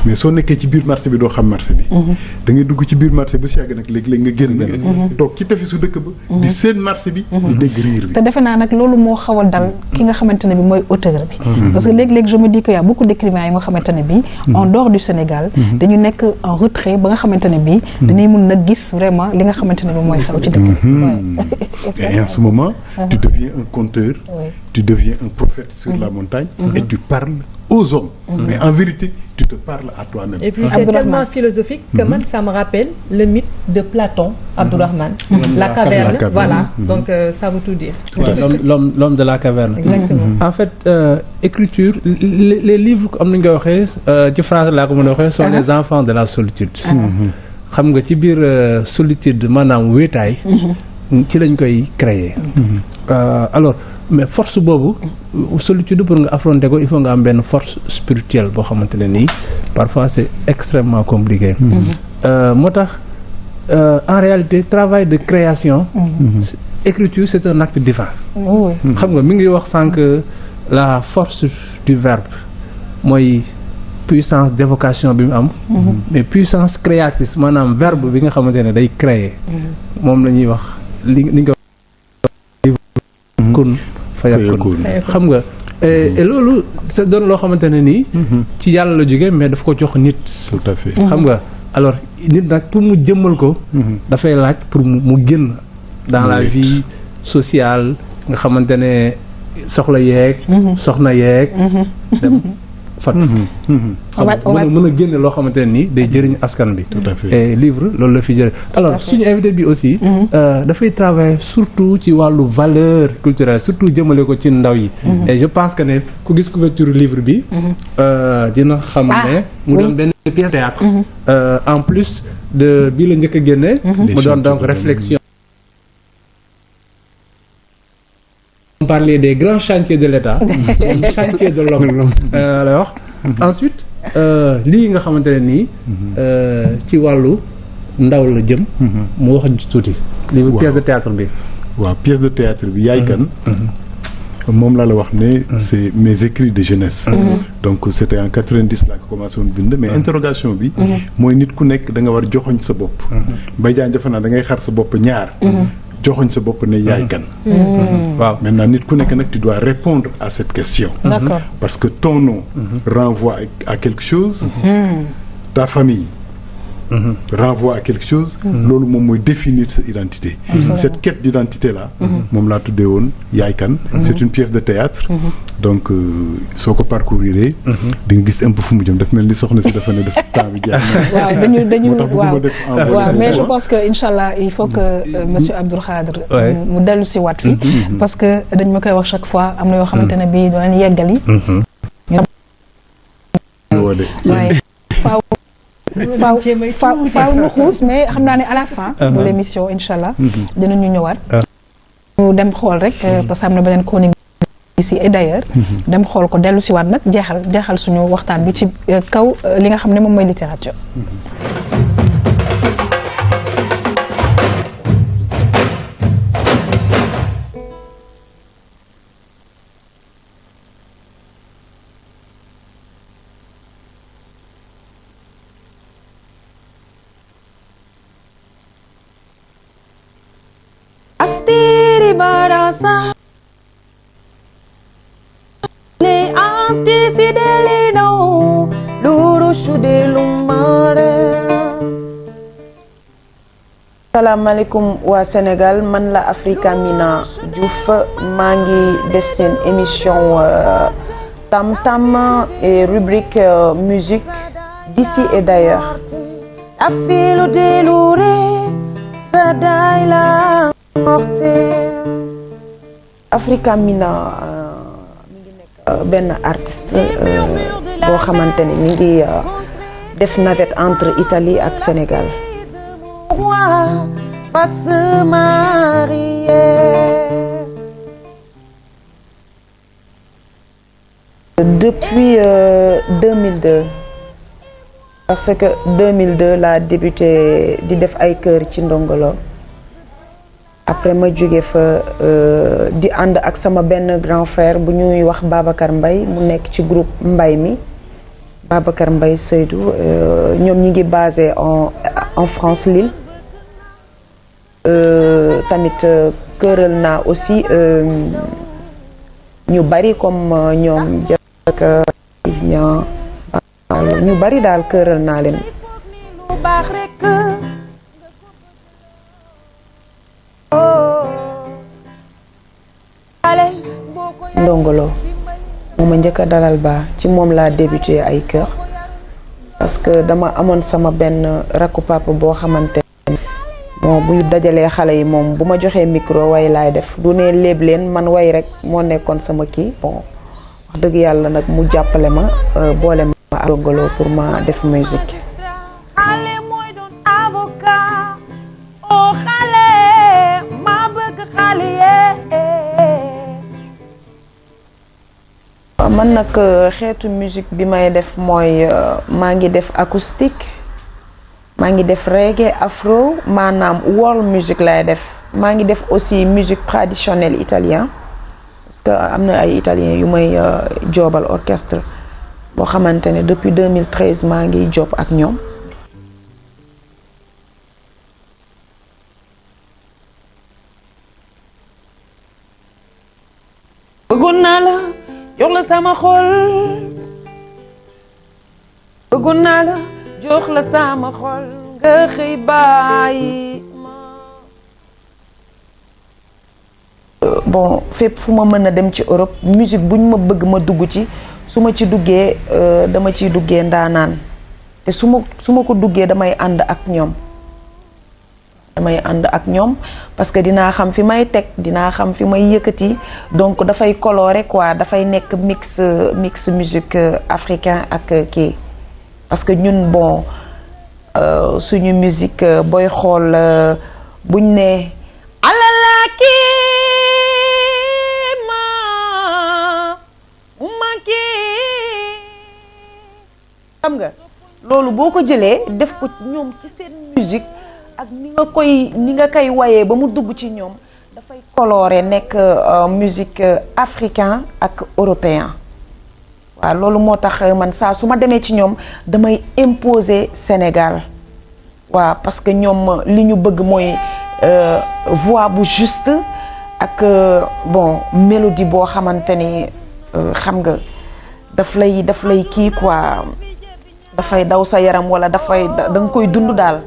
mais soo nekkee ci biir marché bi doo xam marché bi. Mhm. da ngay dugg ci biir marché bu si yàgg nag léeg-léeg nga génn. Mhm. toog ci tefesu dëkk ba. Mhm. di seen marché bi. di dégg riir bi. te defe naa nag loolu moo xaw a dal ki nga xamante ne bi mooy auteur bi. parce que léeg-léeg je me dis que y a beaucoup d'écrivains yi nga xamante ne bi. en dehors du Sénégal. dañu nekk en retrait ba nga xamante ne bi. dañuy mun na gis vraiment li nga xamante ne bi mooy xaw ci dëkk. et en ce moment. tu deviens un conteur. tu deviens un prophète sur la montagne. et tu parles aux hommes, Mais en vérité, tu te parles à toi-même. Et puis c'est tellement philosophique que ça me rappelle le mythe de Platon, Abdurrahman, mhm. la, caverne. Voilà, mhm. donc euh, ça veut tout dire. L'homme de la caverne. Exactement. Mhm. En fait, euh, écriture, les, livres, comme nous avons du la sont ah. les enfants de la solitude. Ah. Euh, solitude manam ci lañ koy créer mhm. euh, alors mais force boobu solitude pour nga affronter ko il faut nga am force spirituelle boo xamante ni nids parfois c'est extrêmement compliqué mhm. Mhm. Euh, moo euh, en réalité travail de création écriture c'est un acte divin xam nga mi ngi wax sànq la force du verbe moi puissance d'évocation bi am mais puissance créatrice manam verbe bi nga xamante ne day créer moom la wax li li nga kun fayakun xam nga et eh, eh, loolu sa doon loo xamante ne nii mhm. ci yàlla la jóge mais daf ko jox nit xam nga alors nit nag pour mu jëmal ko mhm. dafay laaj pour mu génn dans la vie sociale nga xamante ne soxla yeeg mhm. soxna yeeg dem fan. Mhm. Mhm. on a on a génne loo xamante ne nii day jëriñ askan bi. tout à fait livre loolu la fi jëriñ. alors suñu invité bi aussi. Mhm. Euh, dafay travailler surtout ci wàllu valeur culturelle surtout jëmale ko ci ndaw yi. et je pense que ne ku gis couverture livre bi. Euh, dina xam ah, ne. mu doon benn pièce théâtre euh, en plus de bii la njëkk a génne. mu doon donc réflexion. parler des grands chantiers de l'État. chantiers de l'homme. Euh, alors, mhm. ensuite, euh, lii nga xamante ne nii. Mhm. Euh, ci wàllu ndaw la jëm. Mhm. mu wax tout tuuti. pièce de théâtre bi. Ouais, pièce de théâtre bi yaay kan. moom laa la wax né c'est mes écrits de jeunesse donc c'était en 90 là, que commencé une bind mais interrogation bi moy nit ku nek da nga war joxoñ sa bop bay jaan beau naa da ngay xar sa bop ñaar Mm-hmm. Mm-hmm. tu dois répondre à cette question. parce que ton nom mm-hmm. renvoie à quelque chose. ta famille. Mm-hmm. renvoie à quelque chose mm-hmm. loolu moom mooy définir cette identité mm-hmm. cette quête d'identité là moom laa tuddee woon yaay kan c'est une pièce de théâtre donc euh, soo ko parcourir di nga un peu fou, mu jëm soxna dafa temps mais je pense que Inch'Allah, il faut que euh, monsieur Abdoul Khadr mu dellu si fi parce que dañ ma koy wax chaque fois am na yoo xamante ne bii doo faaw faaw ñu xuus mais xam naa ne à la fin de uh-huh. l'émission incha allah mm-hmm. dinañu ñëwaat uh-huh. ñu dem xool rek uh, mm-hmm. parce que am na beneen chronique ici et d'ailleurs mm-hmm. dem xool ko dellu si waat nag jeexal jeexal suñu waxtaan bi ci uh, kaw uh, li nga xam ne moom mooy littérature alaikum wa Sénégal man la Africa Mina djouf, mangi ngi def émission euh, Tam Tam et rubrique euh, musique d'ici et d'ailleurs Africa Mina euh, mi ngi mina benn artiste ben artiste, ne mi def navette entre Italie et Sénégal. Depuis euh, 2002 parce que 2002 la débuté di def ay après ma jóge fa euh, di avec ak sama grand frère bu ñuy wax Babacar Mbaye mu dans ci groupe Mbaye mi. Babacar Mbaye Seydou euh, ñoom ñi ngi basé en en France Lille euh, tamit euh, këral naa aussi ñu bari comme ñoom jëkk ñu bari daal këral naa leen ndongolo moom ma njëkk a dalal baa ci moom laa débuté ay kër parce que dama amoon sama benn rakku boo xamante moom bu dajalee xale yi moom bu ma joxee micro way laay def du ne léeb leen man way rek moo nekkoon sama kii dëgg yàlla nag mu jàppale ma euh, boole ma algolo pour ma def musique man nag euh, xeetu musique bi may def mooy euh, maa ngi def acoustique maa ngi def reggae afro maanaam world music lay def maa ngi def aussi musique traditionnelle italien parce que am na ay italien yu may euh, joobal orchestre boo xamante ne depuis 2013 maa ngi job ak ñoom bëggoon naa la jox sama xol bëggoon naa la jox la sama xol nga bon fep fu ma mën dem ci Europe musique buñ ma bëgg ma dugg ci suma ci duggé euh dama ci duggé te suma suma ko duggé damay and ak ñom damay ànd ak ñoom parce que dinaa xam fi may teg dinaa xam fi may yëkkati donc dafay coloré quoi dafay nekk mix mix musique africain ak kii parce que ñun bon euh, suñu musique euh, booy xool euh, buñ ne alala ma ma kii xam nga loolu boo ko jëlee def ko ñoom ci seen musique ak ni nga koy ni nga koy wayee ba mu dugg ci ñoom dafay coloré nekk euh, musique euh, africain ak européen waa loolu moo tax euh, man saa su ma demee ci ñoom damay imposer Sénégal waaw parce que ñoom li ñu bëgg mooy voix bu juste ak bon mélodie boo xamante ni xam nga daf lay daf lay kii quoi dafay daw sa yaram walla dafay da nga koy dund daal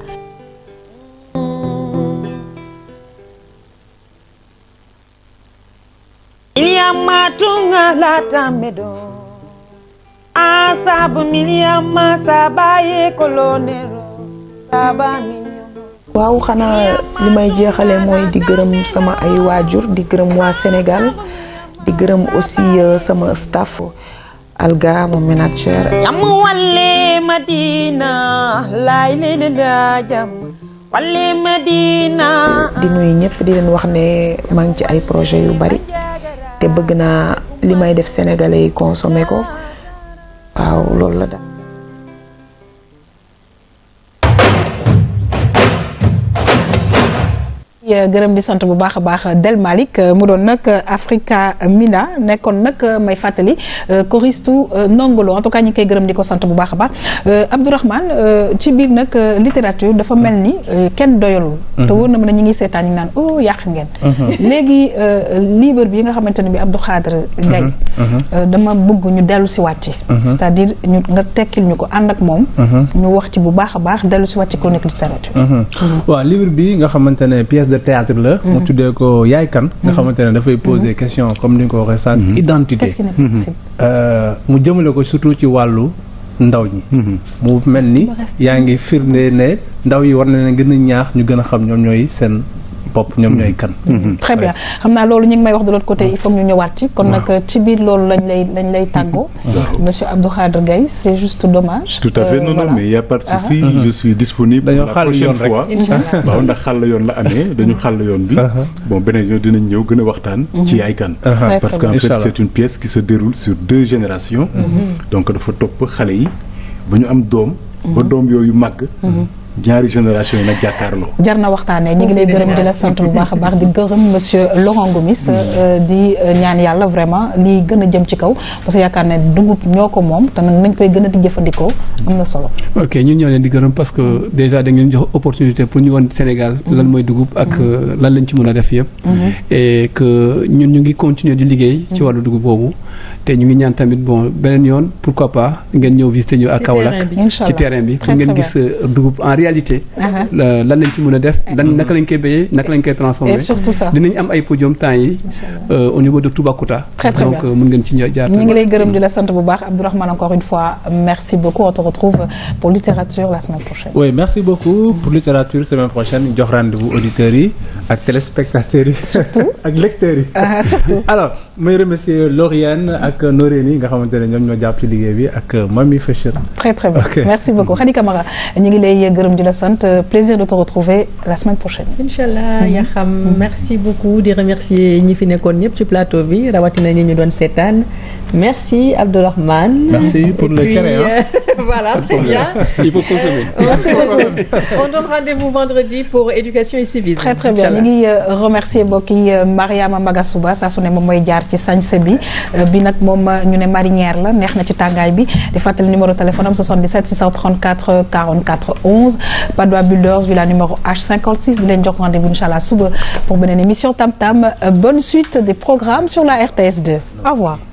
Iliama tunga la tamedo Asabu iya, miliama sabaye kolonero sabami waaw xanaa li may jeexale mooy di gërëm sama ay waajur di gërëm waa sénégal di gërëm aussi sama staff alga mon manager yam walle madina lay leena da jam walle madina di nuyu ñëpp di leen wax ne maa ngi ci ay projet yu bari bëgg naa li may def sénégalais yi consommer ko waaw loolu la daal. gërëm di sant bu baax a baax Del Malick mu doon nag Africa Mina nekkoon nag may fàttali koristu euh, nongolo en tout cas ñi koy gërëm di ko sant bu baax a baax euh, Abdourahmane euh, ci biir nag littérature dafa mel ni kenn doyalul mhm. te wóor na mën a ñu ngi seetaan ñi naan oh yàq ngeen mhm. léegi livre bi nga xamante ne bi Abdou Khadre mhm. Gaye dama bëgg ñu dellu si wàcc c'est-à-dire ñu nga tekkil ñu ko ànd ak moom ñu wax ci bu baax a baax dellu si wàcc chronique littérature waaw livre bi théâtre la mu mhm. tuddee ko yaay kan nga mhm. xamante ne dafay poser mhm. question comme ni nga ko waxee sànq identité euh, mu jëmale ko surtout ci wàllu ndaw ñi mu mel ni yaa ngi firnde ne ndaw yi war na gëna gën ñaax ñu gëna xam ñom ñoy sen bopp ñom ñoy kan. Mhm. Mhm. très bien xamna lolu ñing may wax de l'autre côté il faut ñu ñëwaat ci. kon nak ci biir lolu lañ lay lañ lay mhm. tàggoo. monsieur Abdou Khadre gay c'est juste dommage. tout à fait euh, non non mais y a pas de ah. souci. je suis disponible. la prochaine fois ba waaw ndax xàll yoon la amé dañu xàll yoon bi. Uh-huh. bon benen yoon dinañ ñëw gëna waxtaan. ci ay kan. Uh-huh. parce qu'en fait c'est une pièce qui se déroule sur deux générations. donc dafa top xalé yi ba ñu am dom ba dom yoyu mag ñaari génération yi nag jàkkaarloo. jar na waxtaanee ñu ngi lay gërëm di la sant bu baax a baax di gërëm monsieur Laurent Gomis mm. euh, di euh, ñaan yàlla vraiment lii gën a jëm ci kaw parce que yaakaar ne dugub ñoo ko moom te nag nañ koy gën a di jëfandikoo am na solo. ok ñun ñoo leen di gërëm parce que déjà da ngeen jox opportunité pour ñu wan Sénégal. Mm-hmm. lan mooy dugub ak mm-hmm. euh, lan lañ ci mën a def yëpp. Mm-hmm. et que ñun ñu ngi continuer di liggéey. ci wàllu dugub boobu. te ñu ngi ñaan tamit bon beneen yoon pourquoi pas ngeen ñëw visiter ñu à Kaolack. ci terrain bi pour ngeen gis dugub en réalité. Uh-huh. lan lañ ci mën a def. Eh. lan naka lañ koy béyee naka lañ koy transformer. et surtout ça dinañ am ay podium temps yi. Euh, au niveau de Toubacouta. très très donc euh, mën ngeen ci jaar. ñu ngi lay gërëm di la sant bu baax Abdourahmane encore une fois merci beaucoup on te retrouve pour littérature la semaine prochaine. oui merci beaucoup pour littérature semaine prochaine jox rendez-vous auditeurs yi ak téléspectateurs yi. surtout ak lecteurs yi. Ah, surtout alors may remercier Lauriane ak Noréni nga xamante ne ñoom ñoo jàpp ci liggéey bi ak Mami Fischer. très très bien merci beaucoup Khady Camara ñu ngi lay gërëm gërëm la plaisir de te retrouver la semaine prochaine. Inshallah, mhm. yaham. merci beaucoup de remercier ñi fi tu ñëpp ci plateau bi rawatina ñi ñu doon setan. Merci Abdelrahman. Merci pour le hein. euh, voilà, très bien. Il faut consommer. On donne rendez-vous vendredi pour éducation et civisme. Très très bien. Nous remercions euh, remercier euh, Maria Maria Mariama Magasuba saa su Sebi, Binak Mom, ci bi bi marinière la neex na ci tangay bi di numéro téléphone 77 634 44 11 Padoa Builders villa numéro H56 di len jox rendez-vous inchallah suba pour une émission Tam Tam bonne suite des programmes sur la RTS2 au revoir.